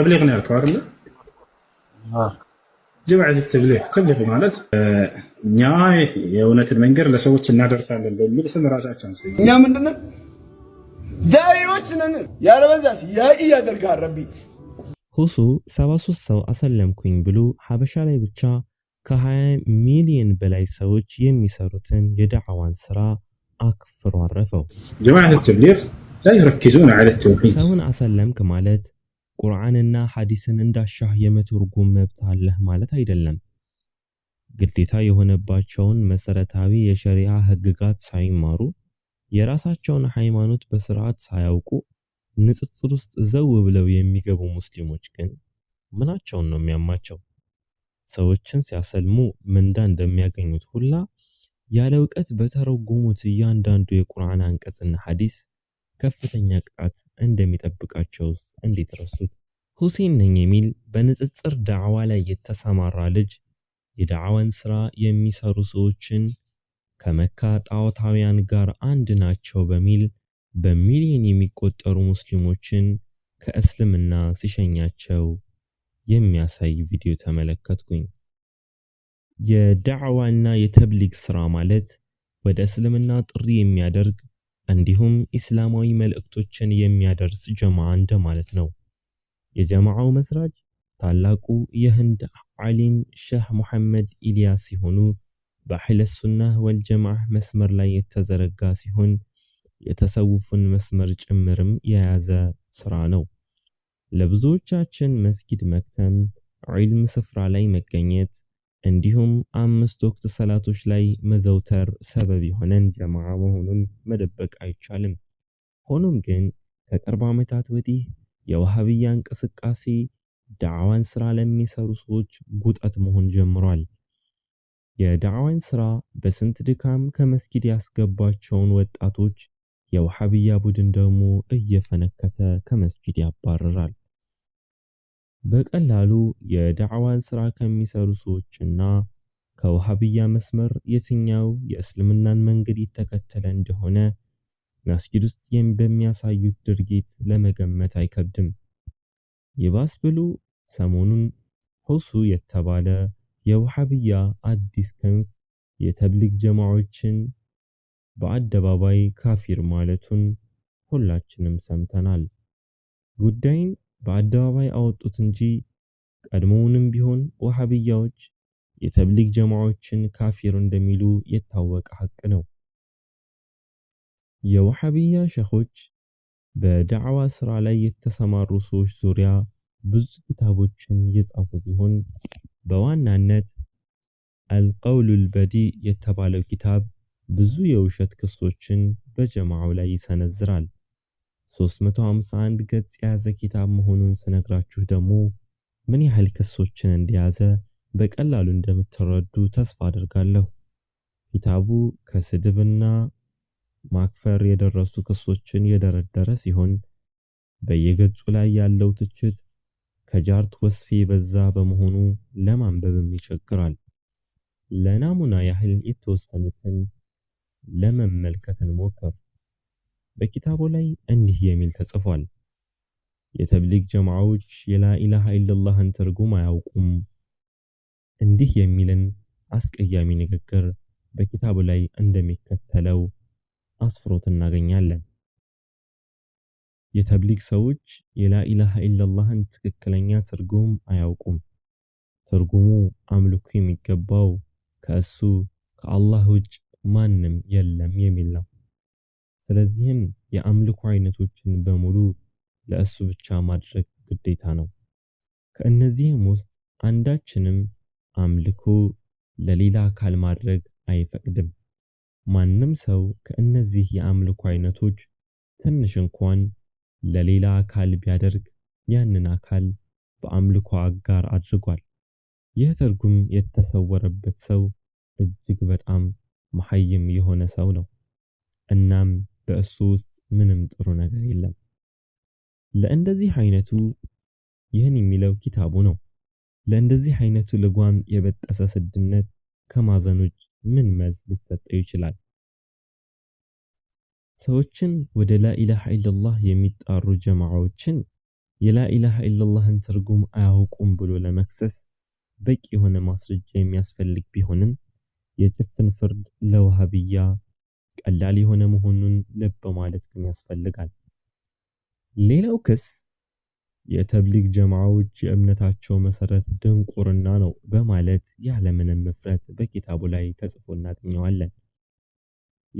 ተብሊግ ነው ያልከው አይደለ? ጀማዓት ተብሊግ ተብሊግ ማለት እኛ የእውነትን መንገድ ለሰዎች እናደርሳለን በሚል ስም ራሳችን ሰ እኛ ምንድነን ዳዒዎች ነን። ያለበዛስ ያኢ ያደርጋል ረቢ ሁሱ 73 ሰው አሰለምኩኝ ብሎ ሀበሻ ላይ ብቻ ከ20 ሚሊዮን በላይ ሰዎች የሚሰሩትን የዳዕዋን ስራ አክፍሮ አረፈው። ጀማዓት ተብሊግ ላይ ረኪዙን ዐለ ተውሂድ ሰውን አሰለምክ ማለት ቁርአንና ሐዲስን እንዳሻህ የመትርጉም መብት አለህ ማለት አይደለም። ግዴታ የሆነባቸውን መሰረታዊ የሸሪዓ ህግጋት ሳይማሩ የራሳቸውን ሃይማኖት በስርዓት ሳያውቁ ንጽጽር ውስጥ ዘው ብለው የሚገቡ ሙስሊሞች ግን ምናቸውን ነው የሚያማቸው? ሰዎችን ሲያሰልሙ ምንዳ እንደሚያገኙት ሁላ ያለ እውቀት በተረጎሙት እያንዳንዱ የቁርአን አንቀጽና ሐዲስ ከፍተኛ ቅጣት እንደሚጠብቃቸውስ እንዴት ረሱት? ሁሴን ነኝ የሚል በንጽጽር ዳዕዋ ላይ የተሰማራ ልጅ የዳዕዋን ሥራ የሚሰሩ ሰዎችን ከመካ ጣዖታውያን ጋር አንድ ናቸው በሚል በሚሊዮን የሚቆጠሩ ሙስሊሞችን ከእስልምና ሲሸኛቸው የሚያሳይ ቪዲዮ ተመለከትኩኝ። የዳዕዋና የተብሊግ ሥራ ማለት ወደ እስልምና ጥሪ የሚያደርግ እንዲሁም ኢስላማዊ መልእክቶችን የሚያደርስ ጀማ እንደማለት ነው። የጀማዓው መስራች ታላቁ የህንድ ዓሊም ሸህ ሙሐመድ ኢልያስ ሲሆኑ በአህለ ወል ጀማዓ መስመር ላይ የተዘረጋ ሲሆን የተሰውፉን መስመር ጭምርም የያዘ ስራ ነው። ለብዙዎቻችን መስጊድ መክተም፣ ዒልም ስፍራ ላይ መገኘት እንዲሁም አምስት ወቅት ሰላቶች ላይ መዘውተር ሰበብ የሆነን ጀማዓ መሆኑን መደበቅ አይቻልም። ሆኖም ግን ከቅርብ ዓመታት ወዲህ የውሃብያ እንቅስቃሴ ዳዕዋን ስራ ለሚሰሩ ሰዎች ጉጠት መሆን ጀምሯል። የዳዕዋን ስራ በስንት ድካም ከመስጊድ ያስገባቸውን ወጣቶች የውሃብያ ቡድን ደግሞ እየፈነከተ ከመስጊድ ያባረራል። በቀላሉ የዳዕዋን ስራ ከሚሰሩ ሰዎችና ከውሃብያ መስመር የትኛው የእስልምናን መንገድ የተከተለ እንደሆነ መስጊድ ውስጥ በሚያሳዩት ድርጊት ለመገመት አይከብድም። ይባስ ብሎ ሰሞኑን ሁሱ የተባለ የውሃብያ አዲስ ክንፍ የተብሊግ ጀማዎችን በአደባባይ ካፊር ማለቱን ሁላችንም ሰምተናል። ጉዳይን በአደባባይ አወጡት እንጂ ቀድሞውንም ቢሆን ውሃብያዎች የተብሊግ ጀማዎችን ካፊር እንደሚሉ የታወቀ ሐቅ ነው። የወሃቢያ ሸሆች በዳዕዋ ስራ ላይ የተሰማሩ ሰዎች ዙሪያ ብዙ ኪታቦችን የጻፉ ሲሆን በዋናነት አልቀውሉል ልበዲ የተባለው ኪታብ ብዙ የውሸት ክሶችን በጀማዓው ላይ ይሰነዝራል። 351 ገጽ የያዘ ኪታብ መሆኑን ስነግራችሁ ደግሞ ምን ያህል ክሶችን እንደያዘ በቀላሉ እንደምትረዱ ተስፋ አድርጋለሁ። ኪታቡ ከስድብና ማክፈር የደረሱ ክሶችን የደረደረ ሲሆን በየገጹ ላይ ያለው ትችት ከጃርት ወስፌ የበዛ በመሆኑ ለማንበብም ይቸግራል። ለናሙና ያህል የተወሰኑትን ለመመልከት እንሞክር። በኪታቡ ላይ እንዲህ የሚል ተጽፏል። የተብሊግ ጀማዓዎች የላኢላሃ ኢለላህን ትርጉም አያውቁም። እንዲህ የሚልን አስቀያሚ ንግግር በኪታቡ ላይ እንደሚከተለው አስፍሮት እናገኛለን። የተብሊግ ሰዎች የላኢላሃ ኢለላህን ትክክለኛ ትርጉም አያውቁም። ትርጉሙ አምልኮ የሚገባው ከእሱ ከአላህ ውጭ ማንም የለም የሚል ነው። ስለዚህም የአምልኮ አይነቶችን በሙሉ ለእሱ ብቻ ማድረግ ግዴታ ነው። ከእነዚህም ውስጥ አንዳችንም አምልኮ ለሌላ አካል ማድረግ አይፈቅድም። ማንም ሰው ከእነዚህ የአምልኮ አይነቶች ትንሽ እንኳን ለሌላ አካል ቢያደርግ ያንን አካል በአምልኮ አጋር አድርጓል። ይህ ትርጉም የተሰወረበት ሰው እጅግ በጣም መሐይም የሆነ ሰው ነው። እናም በእሱ ውስጥ ምንም ጥሩ ነገር የለም። ለእንደዚህ አይነቱ ይህን የሚለው ኪታቡ ነው። ለእንደዚህ አይነቱ ልጓም የበጠሰ ስድነት ከማዘኖች ምን መልስ ሊሰጠው ይችላል? ሰዎችን ወደ ላኢላሃ ኢለላህ የሚጣሩ ጀማዓዎችን የላኢላሃ ኢለላህን ትርጉም አያውቁም ብሎ ለመክሰስ በቂ የሆነ ማስረጃ የሚያስፈልግ ቢሆንም የጭፍን ፍርድ ለውሃብያ ቀላል የሆነ መሆኑን ልብ ማለት ግን ያስፈልጋል። ሌላው ክስ የተብሊግ ጀማዓዎች የእምነታቸው መሰረት ድንቁርና ነው በማለት ያለምንም እፍረት በኪታቡ ላይ ተጽፎ እናገኘዋለን።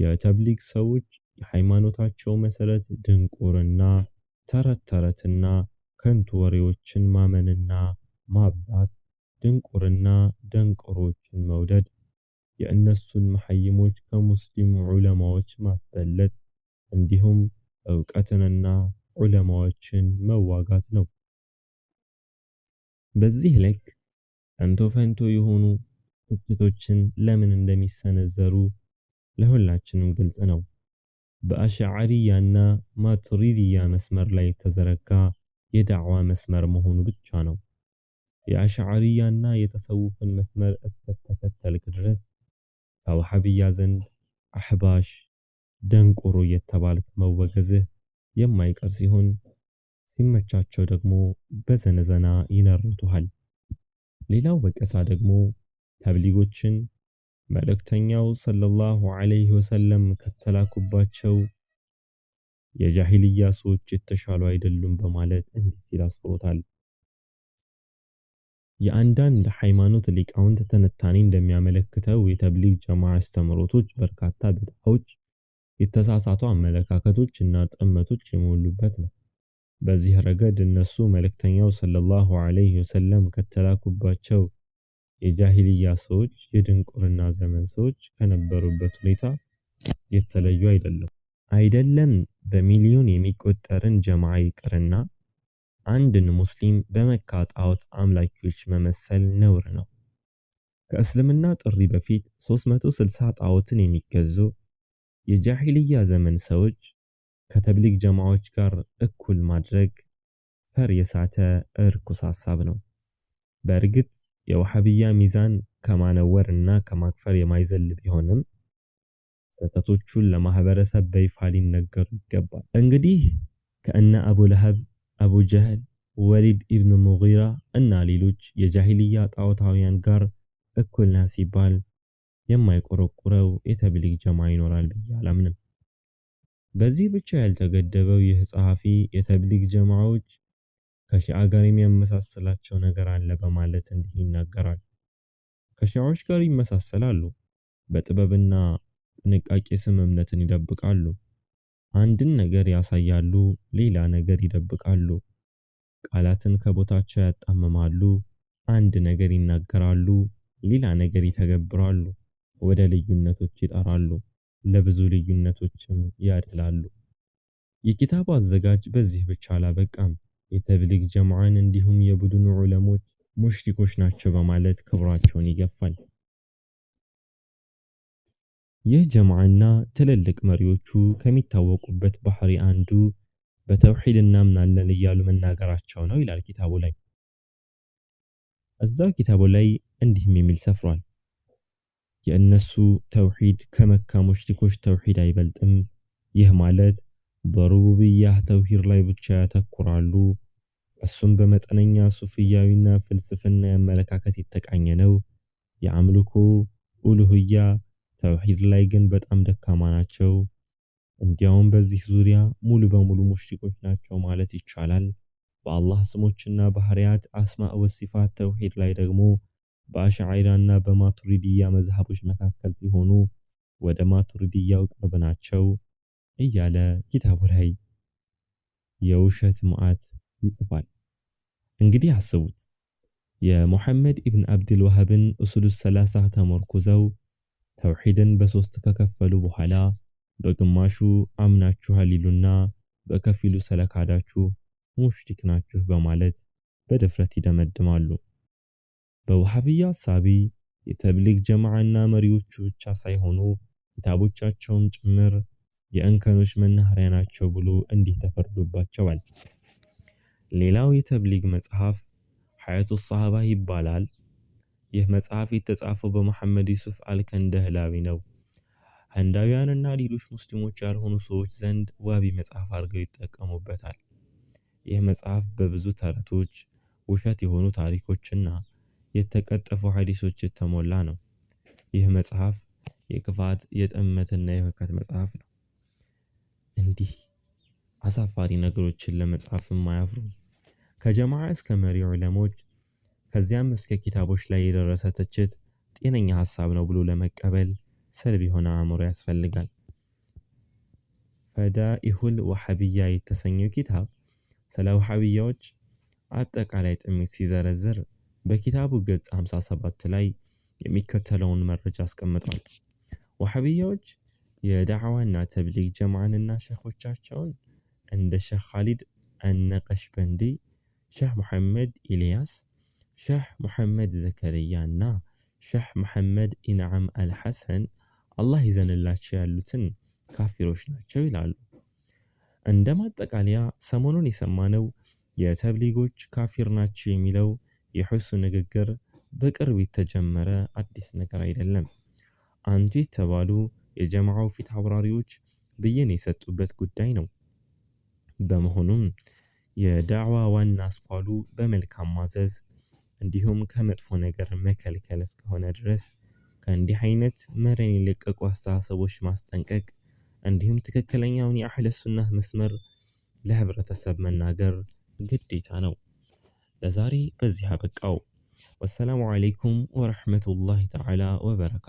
የተብሊግ ሰዎች የሃይማኖታቸው መሰረት ድንቁርና፣ ተረት ተረትና ከንቱ ወሬዎችን ማመንና ማብዛት፣ ድንቁርና ደንቆሮችን መውደድ፣ የእነሱን መሐይሞች ከሙስሊም ዑለማዎች ማስበለጥ እንዲሁም እውቀትንና ዑለማዎችን መዋጋት ነው። በዚህ ልክ ፈንቶ ፈንቶ የሆኑ ትችቶችን ለምን እንደሚሰነዘሩ ለሁላችንም ግልጽ ነው። በአሽዓሪያና ማቱሪዲያ መስመር ላይ የተዘረጋ የዳዕዋ መስመር መሆኑ ብቻ ነው። የአሽዓሪያና የተሰውፍን መስመር እስከተከተልክ ድረስ ከወሃቢያ ዘንድ አሕባሽ ደንቆሮ የተባልክ መወገዝህ የማይቀር ሲሆን ሲመቻቸው ደግሞ በዘነዘና ይነርቱሃል። ሌላው ወቀሳ ደግሞ ተብሊጎችን መልእክተኛው ሰለላሁ ዐለይሂ ወሰለም ከተላኩባቸው የጃሂልያ ሰዎች የተሻሉ አይደሉም በማለት እንዲህ ሲል አስፍሮታል። የአንዳንድ ሃይማኖት ሊቃውንት ትንታኔ እንደሚያመለክተው የተብሊግ ጀማዓ አስተምሮቶች በርካታ ቢድዓዎች የተሳሳቱ አመለካከቶች እና ጥመቶች የሞሉበት ነው። በዚህ ረገድ እነሱ መልእክተኛው ሰለላሁ ዐለይሂ ወሰለም ከተላኩባቸው የጃሂልያ ሰዎች የድንቁርና ዘመን ሰዎች ከነበሩበት ሁኔታ የተለዩ አይደለም። አይደለም በሚሊዮን የሚቆጠርን ጀማዓ ይቅርና አንድን ሙስሊም በመካ ጣዖት አምላኪዎች መመሰል ነውር ነው። ከእስልምና ጥሪ በፊት 360 ጣዖትን የሚገዙ የጃሂልያ ዘመን ሰዎች ከተብሊግ ጀማዎች ጋር እኩል ማድረግ ፈር የሳተ እርኩስ ሐሳብ ነው። በእርግጥ የወሃቢያ ሚዛን ከማነወር እና ከማክፈር የማይዘል ቢሆንም ስህተቶቹን ለማህበረሰብ በይፋ ሊነገሩ ይገባል። እንግዲህ ከእነ አቡ ለሀብ፣ አቡ ጀህል፣ ወሊድ ኢብን ሙጊራ እና ሌሎች የጃሂልያ ጣዖታውያን ጋር እኩል ነህ ሲባል የማይቆረቁረው የተብሊግ ጀማ ይኖራል ብዬ አላምንም። በዚህ ብቻ ያልተገደበው ይህ ጸሐፊ የተብሊግ ጀማዎች ከሺአ ጋር የሚያመሳስላቸው ነገር አለ በማለት እንዲህ ይናገራል። ከሺዓዎች ጋር ይመሳሰላሉ። በጥበብና ጥንቃቄ ስም እምነትን ይደብቃሉ። አንድን ነገር ያሳያሉ፣ ሌላ ነገር ይደብቃሉ። ቃላትን ከቦታቸው ያጣምማሉ። አንድ ነገር ይናገራሉ፣ ሌላ ነገር ይተገብራሉ። ወደ ልዩነቶች ይጠራሉ፣ ለብዙ ልዩነቶችም ያደላሉ። የኪታቡ አዘጋጅ በዚህ ብቻ አላበቃም። የተብሊግ ጀምዓን እንዲሁም የቡድኑ ዑለሞች ሙሽሪኮች ናቸው በማለት ክብራቸውን ይገፋል። ይህ ጀምዓና ትልልቅ መሪዎቹ ከሚታወቁበት ባህሪ አንዱ በተውሂድ እናምናለን እያሉ መናገራቸው ነው ይላል ኪታቡ ላይ። እዛው ኪታቡ ላይ እንዲህም የሚል ሰፍሯል። የእነሱ ተውሂድ ከመካ ሙሽሪኮች ተውሂድ አይበልጥም። ይህ ማለት በሩቡብያህ ተውሂድ ላይ ብቻ ያተኩራሉ። እሱም በመጠነኛ ሱፍያዊና ፍልስፍና አመለካከት የተቃኘ ነው። የአምልኮ ኡሉህያ ተውሂድ ላይ ግን በጣም ደካማ ናቸው። እንዲያውም በዚህ ዙሪያ ሙሉ በሙሉ ሙሽሪኮች ናቸው ማለት ይቻላል። በአላህ ስሞችና ባህርያት አስማእ ወሲፋት ተውሂድ ላይ ደግሞ እና በማቱሪዲያ መዝሐቦች መካከል ሲሆኑ ወደ ማቱሪዲያው ቅርብ ናቸው እያለ ኪታቡ ላይ የውሸት መዓት ይጽፋል። እንግዲህ አስቡት የሙሐመድ ኢብን አብድል ወሃብን እሱሉ ሰላሳ ተመርኩዘው ተውሂድን በሶስት ከከፈሉ በኋላ በግማሹ አምናችኋል ይሉና በከፊሉ ስለካዳችሁ ሙሽሪክ ናችሁ በማለት በድፍረት ይደመድማሉ። በውሃብያ አሳቢ የተብሊግ ጀማዓና መሪዎቹ ብቻ ሳይሆኑ ኪታቦቻቸውም ጭምር የእንከኖች መናኸሪያ ናቸው ብሎ እንዲህ ተፈርዶባቸዋል። ሌላው የተብሊግ መጽሐፍ ሐያቱ ሰሃባ ይባላል። ይህ መጽሐፍ የተጻፈው በመሐመድ ዩሱፍ አልከንደህላዊ ነው። ህንዳውያንና ሌሎች ሙስሊሞች ያልሆኑ ሰዎች ዘንድ ዋቢ መጽሐፍ አድርገው ይጠቀሙበታል። ይህ መጽሐፍ በብዙ ተረቶች፣ ውሸት የሆኑ ታሪኮችና የተቀጠፉ ሀዲሶች የተሞላ ነው። ይህ መጽሐፍ የክፋት የጥመትና የሁከት መጽሐፍ ነው። እንዲህ አሳፋሪ ነገሮችን ለመጻፍ የማያፍሩ ከጀማዓ እስከ መሪ ዑለሞች ከዚያም እስከ ኪታቦች ላይ የደረሰ ትችት ጤነኛ ሀሳብ ነው ብሎ ለመቀበል ሰልብ የሆነ አእምሮ ያስፈልጋል። ፈዳኢሁል ወሐብያ የተሰኘው ኪታብ ስለ ወሐብያዎች አጠቃላይ ጥሚት ሲዘረዝር በኪታቡ ገጽ 57 ላይ የሚከተለውን መረጃ አስቀምጧል። ወሐቢያዎች የዳዕዋና ተብሊግ ጀማዓንና ሸኾቻቸውን እንደ ሼህ ኻሊድ በንዲ፣ ሼህ መሐመድ ኢልያስ፣ ሼህ መሐመድ ዘከርያ እና ሼህ መሐመድ ኢንዓም አልሐሰን አላህ ይዘንላቸው ያሉትን ካፊሮች ናቸው ይላሉ። እንደ ማጠቃለያ ሰሞኑን የሰማነው የተብሊጎች ካፊር ናቸው የሚለው የሑሱ ንግግር በቅርብ የተጀመረ አዲስ ነገር አይደለም። አንቱ የተባሉ የጀማዓው ፊት አብራሪዎች ብይን የሰጡበት ጉዳይ ነው። በመሆኑም የዳዕዋ ዋና አስኳሉ በመልካም ማዘዝ እንዲሁም ከመጥፎ ነገር መከልከል እስከሆነ ድረስ ከእንዲህ አይነት መረን የለቀቁ አስተሳሰቦች ማስጠንቀቅ እንዲሁም ትክክለኛውን የአህለ ሱናህ መስመር ለህብረተሰብ መናገር ግዴታ ነው። ለዛሬ በዚህ አበቃው። ወሰላሙ አሌይኩም ወረህመቱላሂ ተዓላ ወበረካቱ።